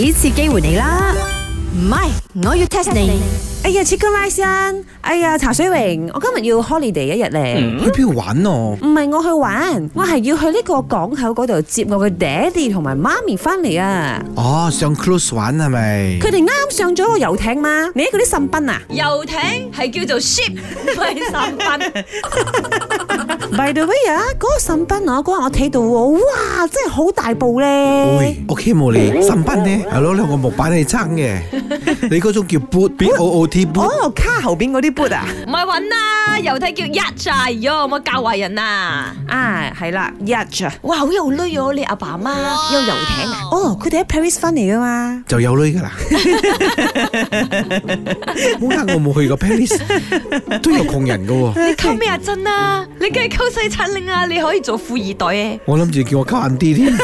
俾次機會你啦，唔係，我要 test 你。哎呀，Chicken Rice 啊，哎呀，茶水榮，我今日要 holiday 一日咧，嗯、去邊度玩哦、啊？唔係，我去玩，我係要去呢個港口嗰度接我嘅爹哋同埋媽咪翻嚟啊！哦，上 Close 玩係咪？佢哋啱上咗個遊艇嘛？你嗰啲甚賓啊？遊艇係叫做 ship，唔係甚賓。 By the way 咪到乜嘢啊？嗰個沈斌啊，嗰日我睇到，哇，真係好大部咧。喂、okay，Hello, 我希望你，沈斌咧，係攞兩個木板你嚟撐嘅。你嗰種叫 b, oot, b o o t b o o t b 哦，啊、卡後邊嗰啲 boot 啊。唔係穩啊，遊艇叫 yacht，我教壞人啊。啊，係啦一 e t 哇，好有女哦、啊，你阿爸阿媽有遊艇啊。哦，佢哋喺 Paris 翻嚟噶嘛。就有女噶啦。好呃、啊、我，冇去過 Paris，都有窮人噶。你溝咩啊真啊？ 你梗係。溝西餐廳啊，你可以做富二代啊。我諗住叫我摳眼啲添。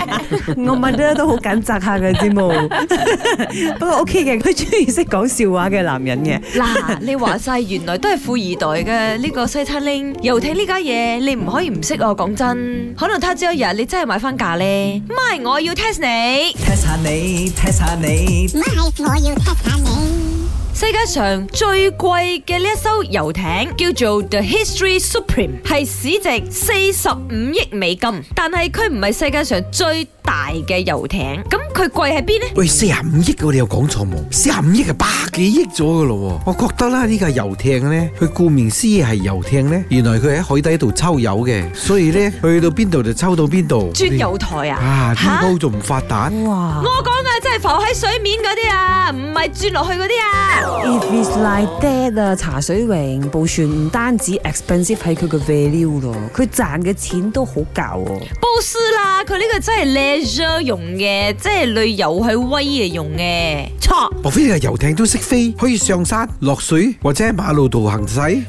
我問得都好緊張下嘅啫嘛。 不過 O K 嘅，佢中意識講笑話嘅男人嘅。嗱， 你話晒原來都係富二代嘅呢，呢個西餐廳，遊艇呢家嘢，你唔可以唔識，我講真，可能他朝一日你真係買翻價咧。唔係， My，我要 test 你，test 下你，test 下你。唔係，我要 test 下你。世界上最貴嘅呢一艘遊艇叫做 The History Supreme，係市值四十五億美金，但係佢唔係世界上最。大嘅遊艇，咁佢貴喺邊呢？喂，四十五億，我哋又講錯冇？四十五億係百幾億咗噶咯？我覺得啦，呢個遊艇咧，佢顧名思義係遊艇咧，原來佢喺海底度抽油嘅，所以咧 去到邊度就抽到邊度。鑽油台啊？啊，點解仲唔發達？哇我講嘅真係浮喺水面嗰啲啊，唔係鑽落去嗰啲啊。If it's like that 啊，茶水泳，部船唔單止 expensive 係佢嘅 value 咯，佢賺嘅錢都好夠。啊。佢呢個真係 leisure 用嘅，即係旅遊喺威嚟用嘅，錯。莫非你架遊艇都識飛，可以上山、落水或者係馬路度行駛？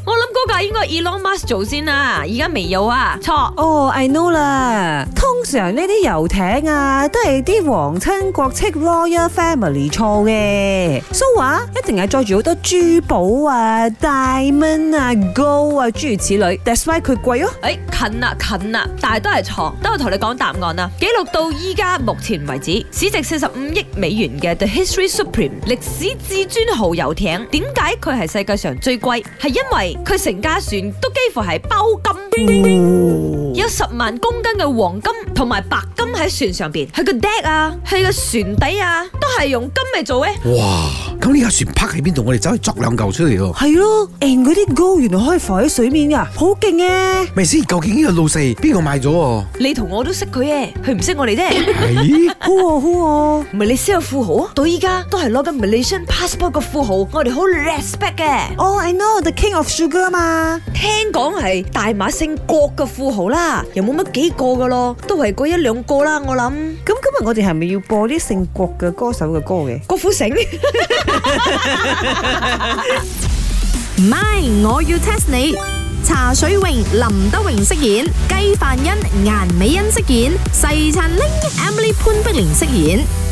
應該 Elon Musk 做先啦、啊，而家未有啊？錯哦、oh，I know 啦。通常呢啲遊艇啊，都係啲皇親國戚 Royal Family 坐嘅，so 話、uh, 一定係載住好多珠寶啊、diamond 啊、gold 啊諸如此類。That's why 佢貴咯。誒、欸，近啊，近啊，但係都係錯。等我同你講答案啊。紀錄到依家目前為止，市值四十五億美元嘅 The History Supreme 歷史至尊號遊艇，點解佢係世界上最貴？係因為佢成。家船都幾乎係包金。萬公斤嘅黃金同埋白金喺船上邊，喺個 deck 啊，喺個船底啊，都係用金嚟做嘅。哇！咁呢架船泊喺邊度？我哋走去鑿兩嚿出嚟咯。係咯，and 嗰啲 gold 原來可以浮喺水面噶，好勁啊。咪先，究竟呢個老細邊個買咗啊？你同我都識佢嘅，佢唔識我哋啫。咦，好啊好啊，咪你識個富豪啊？到依家都係攞緊 Malaysian passport 嘅富豪，我哋好 respect 嘅。Oh I know the King of Sugar 啊嘛，聽講係大馬姓郭嘅富豪啦。冇乜幾個噶咯，都係嗰一兩個啦。我諗，咁今日我哋係咪要播啲姓郭嘅歌手嘅歌嘅？郭富城，MY，我要 test 你。茶水泳、林德榮飾演，雞范恩、顏美恩飾演，細陳 ling、Emily 潘碧玲飾演。